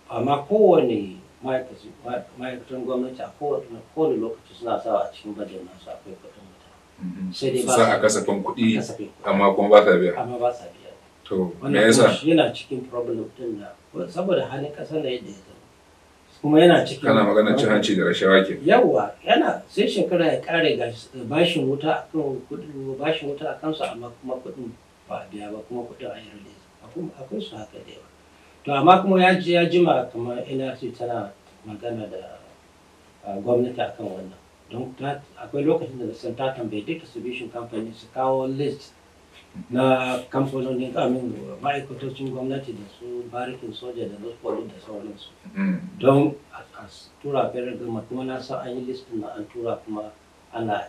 amma kowane ma'aikatan gwamnati a kowane lokaci suna sawa a cikin bajin nasu akwai kuɗin wuta mm-hmm. sai dai ba a kasafin kuɗi amma kuma ba sa biya amma ba sa biya to me yasa yana cikin problem din da saboda halin ƙasar da yadda ya kuma yana cikin kana magana cin hanci da rashawa ke yawa yana sai shekara ya kare bashin wuta akan kudin bashin wuta akan su amma kuma kudin ba biya ba kuma kudin a yi release akwai su haka da yawa to amma kuma ya ji ya jima kamar ina ce tana magana da gwamnati akan wannan don akwai lokacin da san ta tambaye su bishin kamfani su kawo list na kamfanonin kamin ma'aikatocin gwamnati da su barikin soja da su polis da sauransu mm. don a tura fere gama kuma na san an yi listin na an tura kuma ana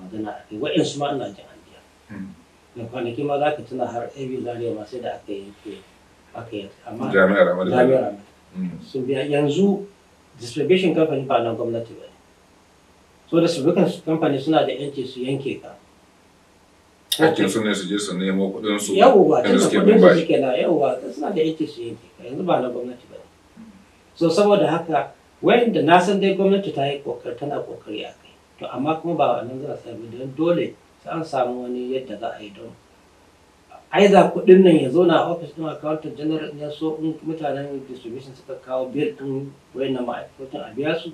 magana a kai wa'insu ma ana jin an biya mm. da kwanaki ma za ka tuna har abu zaria ma sai da aka ke aka yanke amma jami'ar amadu mm. sun biya yanzu distribution company ba na gwamnati ba ne so distribution company suna da yanci su yanke ka hakkin suna su je su nemo kuɗin su yawwa da kuɗin su suke na yawwa suna da yake su yanzu ba na gwamnati ba so saboda haka wayanda na san dai gwamnati ta yi kokari tana kokari a kai to amma kuma ba wannan za a sami don dole sai an samu wani yadda za a yi don aiza kuɗin nan ya zo na ofis ɗin accountant general ya so in mutanen distribution suka kawo bill ɗin wayannan ma'aikatan a biya su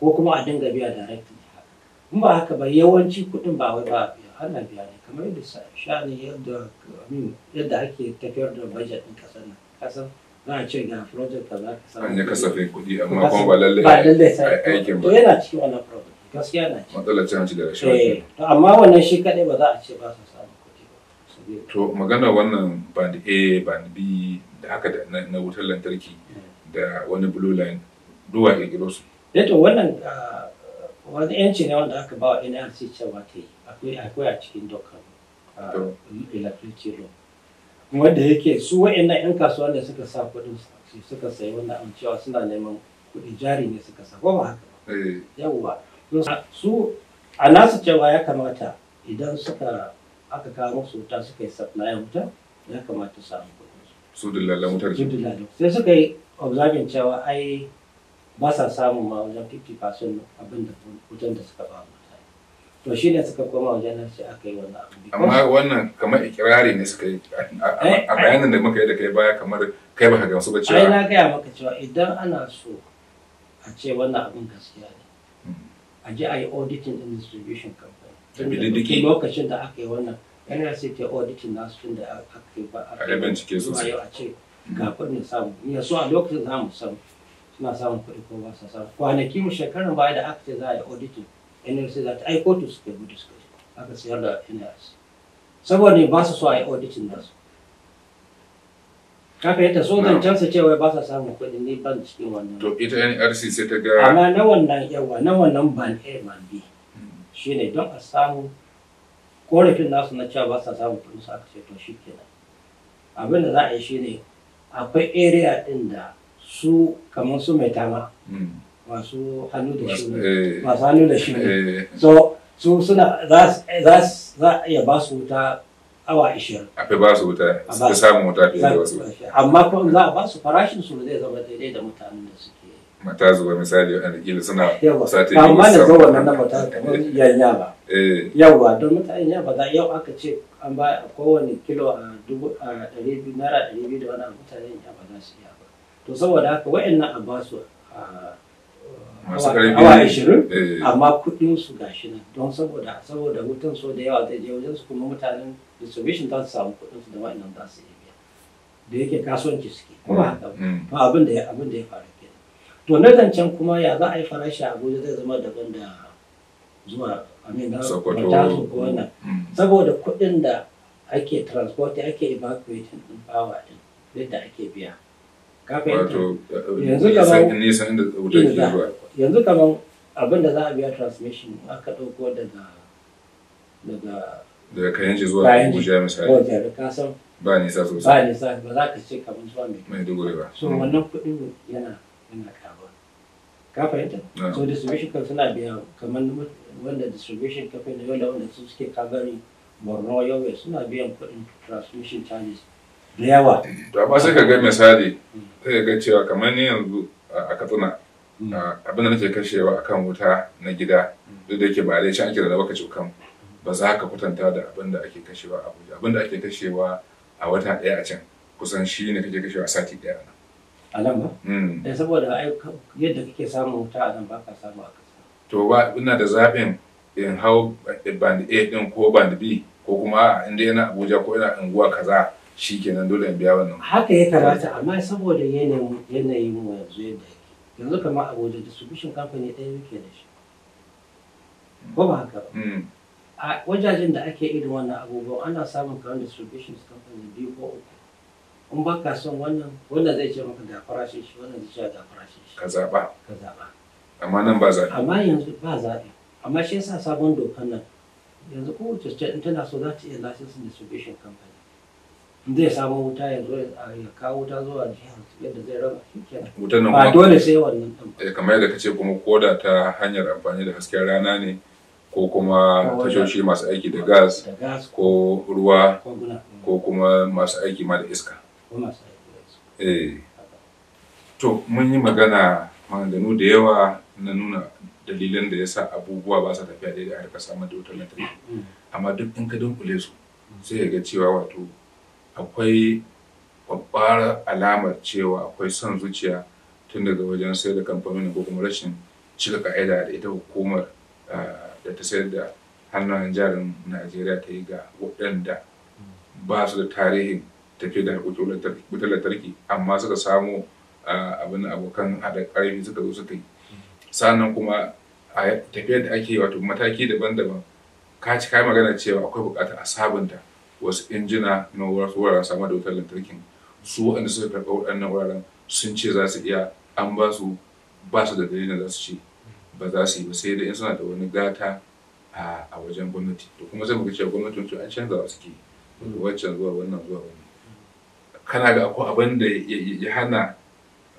ko kuma a dinga biya directly in ba haka ba yawanci kuɗin ba wai ba a biya ana biya ne kamar yadda shani yadda yadda ake tafiyar da budget din kasar nan kasar za a ce ga project ka za ka samu an yi kasafin kuɗi amma kuma ba lallai ba lallai aikin ba to yana cikin wannan project gaskiya na ci matsalar cin hanci da rashin eh to amma wannan shi kaɗai ba za a ce ba su samu kuɗi ba to magana wannan band A band B da haka da na wutar lantarki eh. da wani blue line duwa ƙirƙiro su eh to wannan ah, wani yanci ne wanda aka ba wa nrc cewa ta yi akwai a cikin dokar electricity law wanda yake su wa'annan yan kasuwa ne suka sa kuɗin suka sayi wannan abin cewa suna neman kuɗi jari ne suka sa ko ba haka eh. yawwa su a nasu cewa ya kamata idan suka aka kawo musu wuta suka yi supply wuta ya kamata su samu kuɗin su dillalan wutar su dillalan sai suka yi observing cewa ai ba sa samun ma wajen sun abin da wutan da suka ba mutane to shi ne suka koma wajen nan sai aka yi wannan abu amma wannan kamar ikirari ne suka yi a eh, bayanin da muka yi da kai baya kamar kai baka gamsu ba cewa ai na gaya maka cewa idan ana so a ce wannan abin gaskiya ne hmm. a je a yi auditing din distribution company tun lokacin da aka yi wannan yana sai ta auditing nasu tun da aka yi ba a bincike sosai a ce ga hmm. kudin samu ya so a lokacin za mu samu suna samun kuɗi ko ba sa samu kwanaki mu shekarun baya da aka ce za a yi auditing nlc za ta aiko to suka gudu suka yi aka sayar da nlc saboda ba su so a yi auditing da su yi yadda so zan cansa cewa ba sa samun kuɗi ni ban cikin wannan to ita nrc sai ta ga amma na wannan yawa na wannan ban a ban b hmm. ne don a samu korafin nasu na cewa ba sa samun kuɗi su aka ce to shi kenan abin da za a yi ne akwai area ɗin da su kamar su mai tama masu hannu da shi masu hannu da shi so su suna za a iya ba su wuta awa ishirin a fi ba su wuta su samun wuta fiye da wasu amma kuma za a ba su farashin su zai zama daidai da mutanen da suke mata zuwa misali a kila suna sati yi amma da zuwa nan na mata kamar [laughs] yanya ba eh. yawwa don mutanen ya ba za yau aka ce an ba kowane kilo a dubu a ɗari biyu naira ɗari biyu da wani mutanen ya ba za su iya to saboda haka wa'annan a ba su ah, awa ashirin eh. amma kudin su gashi nan don saboda saboda hutun so da yawa zai je wajen su kuma mutanen distribution ta su samu kudin su da wa'annan za su iya da yake kasuwanci suke kuma haka ba mm. abin da ya abin da ya faru ke to na zancen kuma ya za a yi farashi a Abuja zai zama daban da zuwa amina na Sokoto ko mm. wannan mm. saboda kuɗin da ake transport ake evacuating din bawa din yadda ake biya Uh, uh, yanzu kamar nisan abin da za a biya transmission aka ɗauko daga daga daga kayanji zuwa abuja misali ba nisa sosai ba nisa ba za ka ce kamar zuwa mai dugure ba so wannan kuɗin yana yana karuwa ka fahimta ah. so distribution kan suna biya kamar wanda distribution kafin da yau da wanda su suke kagari borno yau suna biyan kuɗin transmission charges yawa to ba sai ka ga misali sai ka ga cewa kamar ni yanzu a katsina mm. abin da nake kashewa akan wuta na gida duk da yake ba dai can ake da baka kan ba za ka kwatanta da abin da ake kashewa a Abuja abin da ake kashewa a wata ɗaya a can kusan shi ne kake kashewa a sati ɗaya nan a nan ba? Mm. Eh, saboda yadda kake samun wuta a nan ba ka samu a ƙasa. To ba ina da zaɓin in hau eh, band A ɗin ko band B ko kuma inda yana Abuja ko yana unguwa kaza shi kenan dole in biya wannan haka ya karata amma saboda yanayin yanayin mu yanzu yadda yake yanzu kamar abuja distribution company ɗaya yake da shi ko ba haka ba hmm. a wajajen da ake irin wannan abubuwan ana samun kamar distribution company biyu ko uku in ba ka son wannan wannan zai ce maka ga farashin shi wannan zai ce ga farashin shi ka zaɓa ka zaɓa amma nan ba zaɓi amma yanzu ba zaɓi amma shi yasa sabon dokan nan yanzu kowace state tana so za ta iya lasisin distribution company zai samo wuta ya zo ya kawo wuta zuwa jihar yadda zai raba shi kenan ba dole sai wannan ɗin eh, kamar yadda kace kuma koda ta hanyar amfani da hasken rana ne ko kuma tashoshi masu aiki da gas ko ruwa ko kuma masu aiki ma da iska eh to mun yi magana maganganu da yawa na nuna dalilan da ya sa abubuwa ba sa tafiya daidai a harkar samar da wutar lantarki mm. amma duk in ka dunkule su mm. sai ya ga cewa wato akwai babbar alamar cewa akwai son zuciya tun daga wajen sayar da kamfanin ko kuma rashin cika ka'ida da ita hukumar ah, da ta sayar da hannun jarin najeriya ta yi ga waɗanda ba su da tarihin tafiya da wutar lantarki amma suka samo ah, abin abokan haɗa ƙarfi suka zo suka yi sannan kuma a tafiyar da ake wato mataki daban-daban ka ci magana cewa akwai buƙatar a sabunta wasu injina na wuraren samar da wutar lantarkin su waɗanda suka karɓa waɗannan wuraren sun ce za su iya an ba su ba su da dalilin za su ce ba za su yi ba sai da in suna da wani gata a wajen gwamnati to kuma zai muka ce gwamnatin su an canza wasu ke wancan zuwa wannan zuwa wani kana ga akwai abin da ya hana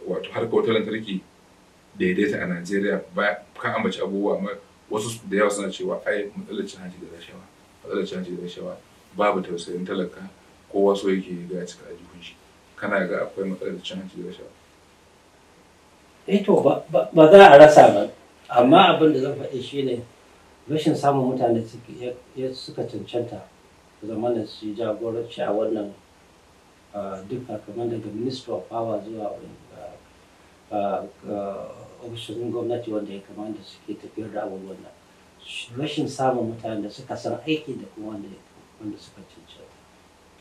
wato harkar wutar lantarki daidaita a najeriya ba ka ambaci abubuwa amma wasu da yawa suna cewa ai matsalar cin hanci da rashawa matsalar cin hanci da rashawa babu tausayin talaka kowa so yake ga ya cika jikin shi kana ga akwai matsalar cin hanci da rashawa eh to ba za a rasa ba amma abin da zan faɗi shi ne rashin samun mutane suka cancanta da su jagoranci a wannan duka kamar daga minister of power zuwa ofishin gwamnati wanda ya da suke tafiyar da abubuwan nan rashin samun mutane da suka san aiki da kuma wanda ya wanda suka cancanta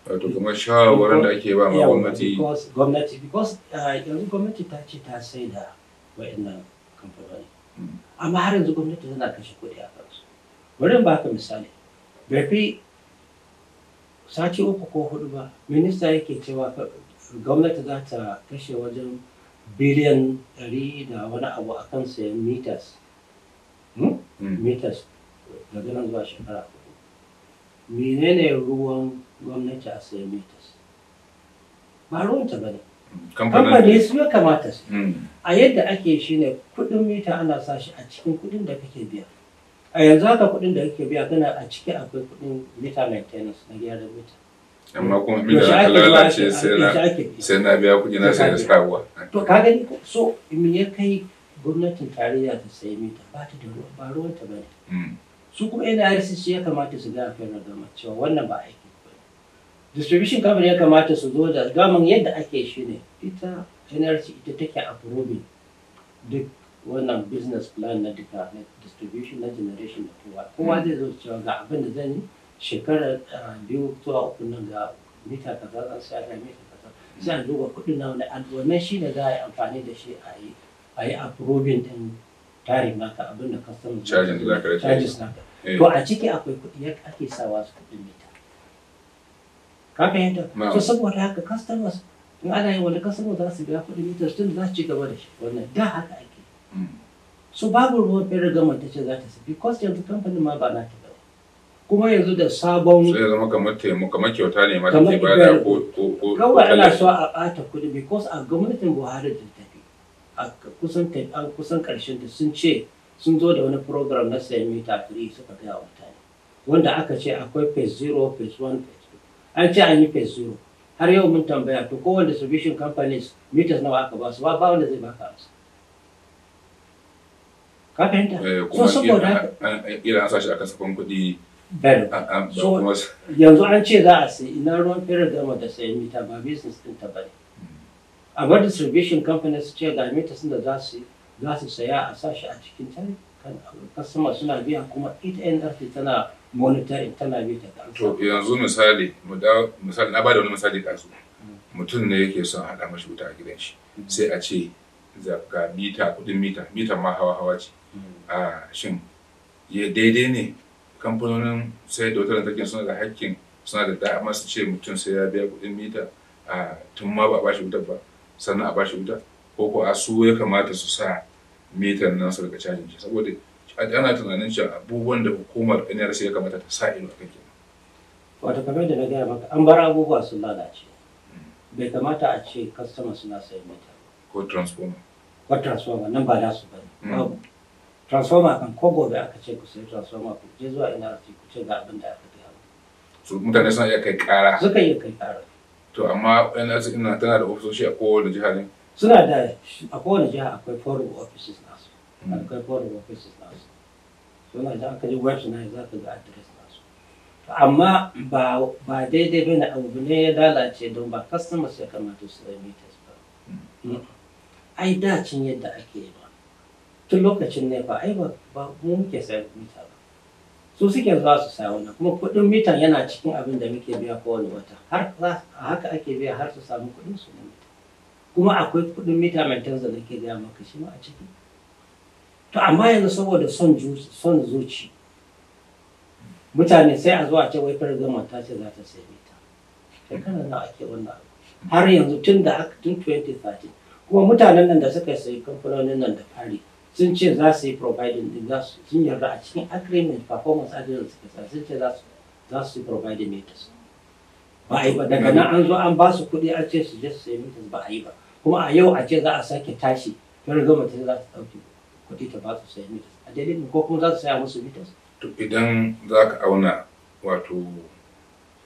wato kuma shawarar da ake ba ma gwamnati gwamnati because ah, yanzu gwamnati ta ce ta sai da wa'annan kamfanoni hmm. amma har yanzu gwamnati tana kashe kuɗi a kansu bari in baka misali bai fi sati uku ko hudu ba minista yake cewa gwamnati za ta kashe wajen biliyan ɗari da wani abu a kan sayan mitas mitas hmm? hmm. daga nan zuwa shekara menene ruwan gwamnati a sayi mitas ba ruwanta ba ne kamfani su ya kamata su hmm. a yadda ake shi ne kudin mita ana sa shi a cikin kudin da kake biya a yanzu haka kudin da kake biya kana a ciki akwai kudin mita maintenance na gyara mita amma kuma mita na lalace sai na biya kudi na sai na sakawa to ka gani so me ya kai gwamnatin tarayya ta sai mita ba ta da ruwa ba ruwanta ba ne hmm. su kuma shi ya kamata su ga federal government cewa wannan ba aiki ba distribution company ya kamata su zo da gaman yadda ake shi ne ita nrc ita take approving duk wannan business plan na duka na distribution na generation da kowa kowa zai zo cewa ga abin da zan yi shekarar biyu zuwa uku nan ga mita kaza zan sa ga mita kaza sai an duba kuɗin na wani wannan shi ne za a yi amfani da shi a yi a yi approving din tarin naka abin da charges naka Eh. to a ciki akwai kuɗi ya ake sawa su kuɗin mita ka fahimta to saboda haka customers in ana yin wani customer za su biya kuɗin mita tun za su ci gaba da shi wannan da haka ake hmm. so babu ruwan fere gama ta ce za ta su because yanzu kamfanin ma ba na ta kuma yanzu da sabon sai zama kamar taimako kamar kyauta ne ma take bada ko ko kawai ana so a bata kuɗi because a gwamnatin Buhari da fi a kusan kusan karshen da sun ce sun zo da wani program na mita 3 suka gaya wa mutane wanda aka ce akwai phase zero, phase one, phase two. an ce an yi phase zero, har yau mun tambaya to kowane distribution companies meters nawa aka ba su ba wanda zai baka su. ka fahimta eh, so saboda irin an sashi a kasafin kuɗi so yanzu an ce za a sai ina ruwan firar gama da sayan mita ba business ɗin ta bane hmm. amma distribution companies ce ga meters da za su yi za su saya a sashi a cikin tare kasama suna biya kuma ita arti tana monitoring tana da ta to yanzu misali misali na bada wani misali kasu mutum ne yake son hada mashi wuta a gidan shi sai a ce ga mita kudin mita mita ma hawa hawa ce hmm. a shin ya daidai ne kamfanonin sai da wutar lantarki suna da hakkin suna da dama su ce mutum sai ya biya kudin mita a tun ma ba a bashi wutar ba sannan a bashi wuta ko ko a su ya kamata su sa mitar nan daga cajin shi saboda ana tunanin shi abubuwan da hukumar nrc ya kamata ta sa ido a kenan wato kamar da na gaya maka an bar abubuwa sun lalace mm. bai kamata a ce customer suna sayan mita ko transformer ko transformer nan ba nasu ba mm. babu transformer kan ko gobe aka ce ku sayi transformer ku je zuwa nrc ku ce ga abin da aka gaya su mutane suna iya kai kara suka iya kai kara to amma nrc ina tana da ofisoshi a kowane jihar ne suna da a kowane jiha akwai foreign offices nasu hmm. akwai foreign offices nasu suna da aka yi website za ka ga address nasu amma ba daidai bane abu ne ya lalace don ba customers ya kamata su da meters ba hmm. Hmm. ai dacin yadda ake yi ba tun lokacin ne ba ai ba mu muke sayar mita ba su suke za su sa wannan kuma kuɗin mitan yana cikin abin da muke biya kowane wata har haka ake biya har su samu kuɗin su ne kuma akwai kudin mita maintenance da ke gaya maka shi ma a ciki to amma yanzu saboda son son zuci mutane sai a zuwa ce wai gama ta ce za ta sai mita shekara a ake wannan abu har yanzu tun da aka tun 2013 kuma mutanen nan da suka sayi kamfanonin nan da fari sun ce za su yi providing din za su sun yarda a cikin agreement performance agreement suka sa sun ce za su yi providing meters ba a yi ba daga nan an zo an ba su kuɗi an ce su je su sayi mita ba a yi ba kuma a yau a ce za a sake tashi wani gwamnati za ta ɗauki kuɗi ta ba su sai mitas a dalilin ko kuma za su saya musu mitas. to idan za ka auna wato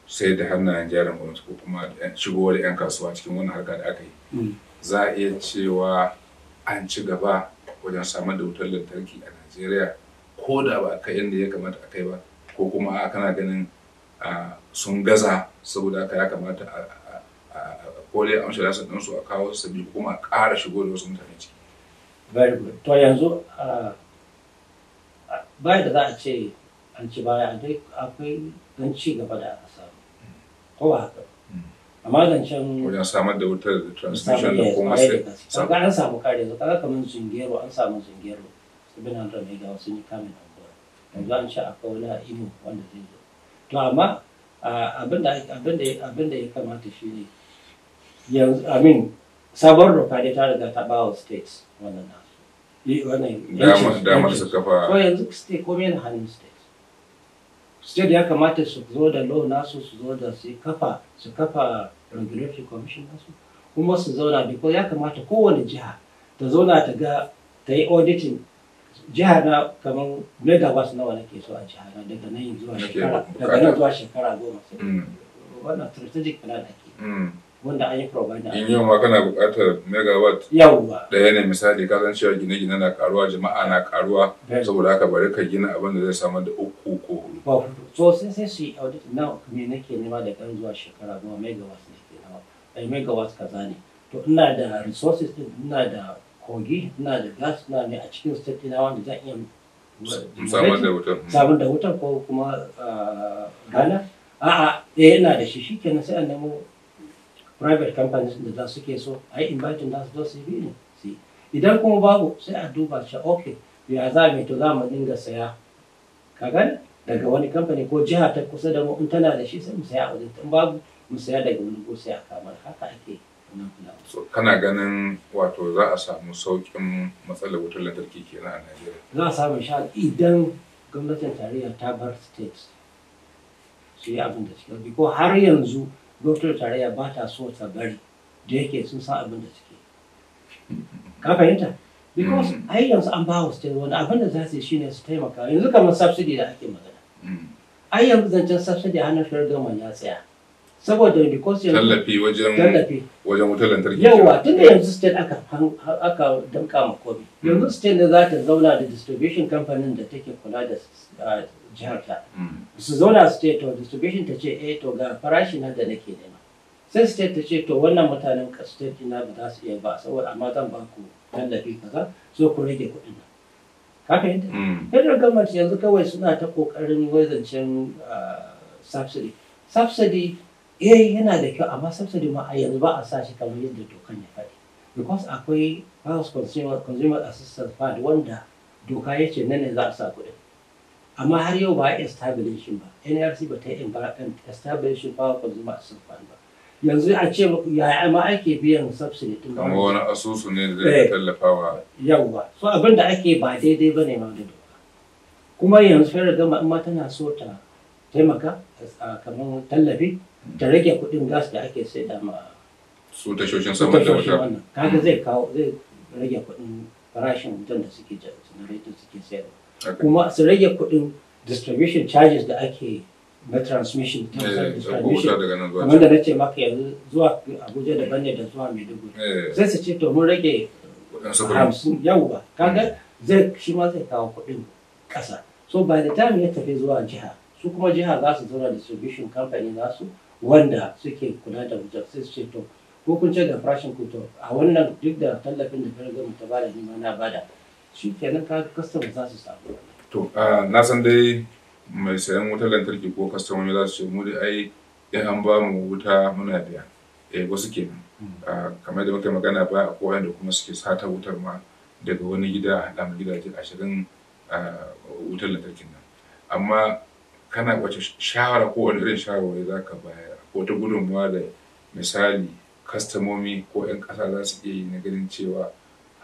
sai da hannayen jarin gwamnati ko kuma shigowar 'yan kasuwa cikin wannan harka da aka yi hmm. za a iya cewa an ci gaba wajen samar da wutar lantarki a najeriya ko da ba a kai inda ya kamata a kai ba ko kuma a kana ganin sun gaza saboda haka ya kamata a ko dai da lasin su a kawo su sabi kuma a ƙara shigo da wasu mutane ciki. very good to yanzu bayan da za a ce an ci baya dai akwai don ci gaba da aka samu ko ba haka hmm. amma zancen wajen samar da wutar da transmission da kuma sai kaga an samu kare yanzu kaga kamar zingero, an samu zingero. sabin an rame ga wasu yi kamin abuwa yanzu an ce akwai wani imo wanda zai zo to amma abin da ya kamata shi ne yanzu amin sabuwar rufa dai ta riga ta bawa wa states wannan nasu eh, damar su kafa so yanzu state komai na hannun state state ya kamata su zo da law nasu su zo da su kafa su kafa regulatory commission nasu kuma su zauna biko ya kamata kowane jiha ta zauna ta ga ta yi auditing Jiha na kamar megawatt nawa nake so a jiha na daga nan zuwa shekara daga nan zuwa shekara goma mm. wannan strategic plan ake mm. wanda an yi provider in yau kana buƙatar megawatt yawwa ɗaya ne misali ka san cewa gine-gine na karuwa jama'a na karuwa saboda haka bari ka gina abin da zai samar da uku ko hudu so sai sai su yi audit na me nake nema da kan zuwa shekara goma megawatt ne ke nawa ai megawatt kaza ne to ina da resources din ina da kogi ina da gas ina ne a cikin state na wanda zan iya samar da wutar hmm. samar da wutar ko kuma ah, gana a'a eh ina da shi shi shikenan sai an nemo private companies da za su ke so a yi inviting da su zo su yi ne idan kuma babu sai a duba shi ok ya za mai to za mu dinga saya ka gani daga wani kamfani ko jiha ta kusa da mu in tana da shi sai mu saya a wajen babu mu saya daga wani ko sai a kamar haka ake so kana ganin wato za a samu saukin matsalar wutar lantarki kenan a Najeriya za a samu sha idan gwamnatin tarayya ta bar states su yi abin da suke ko har yanzu gwamnatin tarayya ba ta so ta bari da yake sun san abin da suke ka fahimta because mm. ai yanzu an ba wasu taimakon wanda abin da za su yi shine su taimaka yanzu kamar subsidy da ake magana mm. ai yanzu zancen subsidy hannun shirar gaman ya tsaya saboda because yanzu tallafi wajen tallafi wajen wutar lantarki yawa tun da yanzu state aka aka danka ma komai yanzu state ne za ta zauna da distribution company da take kula da uh, jihar ta mm. su zauna su ce to distribution ta ce eh to ga farashi na da nake nema sai state ta ce to wannan mutanen state na ba su iya ba saboda amma zan ba ku tallafi kaza so ku rage kuɗin nan ka fahimta mm. federal government yanzu kawai suna ta kokarin wazancin ah, subsidy subsidy eh yana da kyau amma subsidy ma a yanzu ba a sa shi kamar yadda dokan ya faɗi because akwai house consumer consumer assistance fund wanda doka ya ce nan ne za a sa kuɗin amma har yau ba a establishing ba nrc ba ta yi establishing power zuma assistance fund ba yanzu a ce muku ya ma ake biyan subsidy tun ba wani asusu ne da tallafa eh. tallafawa yawa so abin da ake ba daidai ba ne ma da doka kuma yanzu fara gama in ma tana so ta taimaka kamar tallafi ta rage kuɗin gas da ake sai da ma su shoshin sama da wata kaga zai kawo zai rage kuɗin farashin wutan da suke generator suke sayarwa kuma su rage kuɗin distribution charges da ake na transmission eh, ta distribution wanda na ce maka yanzu zuwa abuja da ne da zuwa maiduguri eh. sai su ce to mun rage hamsin yau ba kaga zai shi ma zai kawo kuɗin ƙasa so by the time ya tafi zuwa jiha su kuma jiha za su zauna distribution company su wanda suke kula da wujar sai su ce to ko kun ce da farashin kuto a wannan duk da tallafin da fara gama ta bada ni ma na bada shi kenan ka customer za su samu to na san dai mai sayan wutar lantarki ko customer za su ce mu dai ai in an ba mu wuta muna biya eh wasu kenan kamar da muka magana ba ko da kuma suke sata wutar ma daga wani gida a gidaje ashirin wutar lantarkin nan amma kana wace shawara ko wani irin shawarwari za ka bayar ko ta gudunmuwa da misali kastamomi ko 'yan kasa za su iya yi na ganin cewa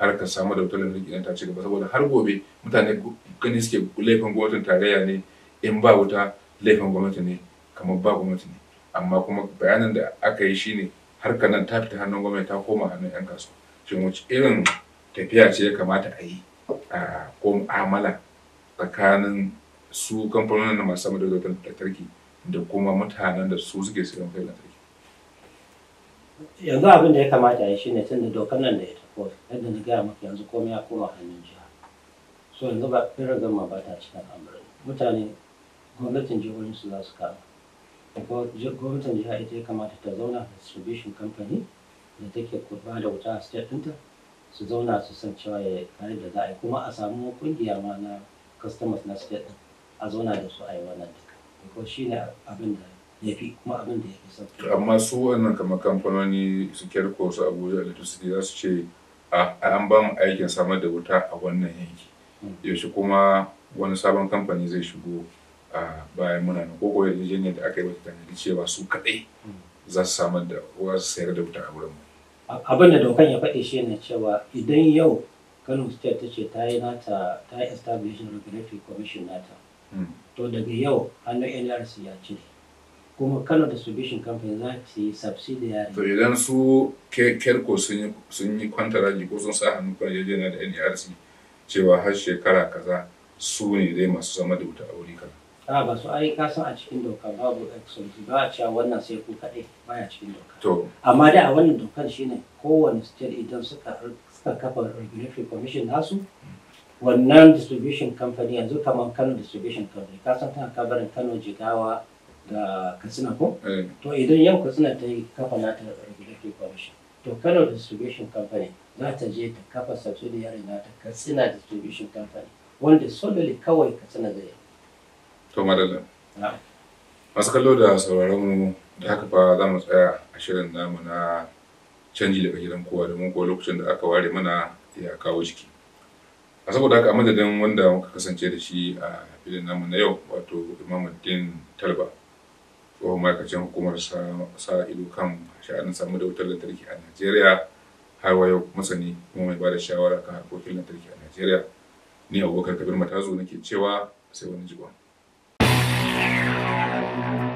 harkar samu da wutar lantarki idan ta ci gaba saboda har gobe mutane gani suke laifin gwamnatin tarayya ne in ba wuta laifin gwamnati ne kamar ba gwamnati ne amma kuma bayanin da aka yi shine harkar nan ta fita hannun gwamnati ta koma hannun yan kasuwa shin wace irin tafiya ce ya kamata a yi a ko mu'amala tsakanin su kamfanonin da masu samar da wutar lantarki da kuma mutanen da su suke sayan wutar lantarki yanzu abin da ya kamata ya shine tun da dokar nan da ya court yadda na gaya maka yanzu komai ya koma hannun jiha so yanzu ba federal government ba ta cikin amurai mutane gwamnatin jihohin su za su kama gwamnatin jiha ita ya kamata ta zauna da distribution company da take kurba da wuta a state ɗinta su zauna su san cewa ya kare da za a yi kuma a samu kungiya ma na customers na state ɗin a zauna da su a yi wannan duka ko shi ne abin da ya fi kuma abin da ya fi sauki amma su wannan kamar kamfanoni su kyarko su abuja da su za su ce an ba mu aikin samar da wuta a wannan yanki yaushe kuma wani sabon kamfani zai shigo a bayan muna nan koko yarjejeniyar da aka yi wata tanadi cewa su kaɗai za su samar da wa su sayar da wuta a wurin mu. abin da dokan ya faɗi shi ne cewa idan yau kano state ta ce ta yi nata ta yi establishing regulatory commission nata hmm. to daga yau hannun nrc ya ce. kuma kano distribution company za su yi subsidiary to idan su kerko sun yi kwantaraji ko sun sa hannu kan yarjejeniya da nerc cewa har shekara kaza su ne dai masu zama da wuta a wuri kan. a ba su ai kasan a cikin doka babu exclusive ba a cewa wannan sai ku kaɗai baya cikin doka to amma da a wannan dokar shine kowane state idan suka suka kafa regulatory commission nasu wannan distribution company yanzu kamar kano distribution company kasan tana kabarin kano jigawa da katsina ko eh. to idan yau katsina ta yi kafa ta regulatory commission to kano distribution company za ta je ta kafa subsidiary ta katsina distribution company wanda solely kawai katsina zai yi to madalla masu kallo da sauraron mu da haka fa za mu tsaya a shirin namu na canji daga gidan kowa domin ko lokacin da aka ware mana ya kawo jiki a saboda haka a madadin wanda muka kasance da shi a filin namu na yau wato imamuddin talba tsohon ma'aikacin hukumar sa ido kan sha'anin samu da wutar lantarki a najeriya har 'yau masani kuma mai bada shawara kan harkokin lantarki a najeriya ni abubakar kabir matazo nake cewa sai wani you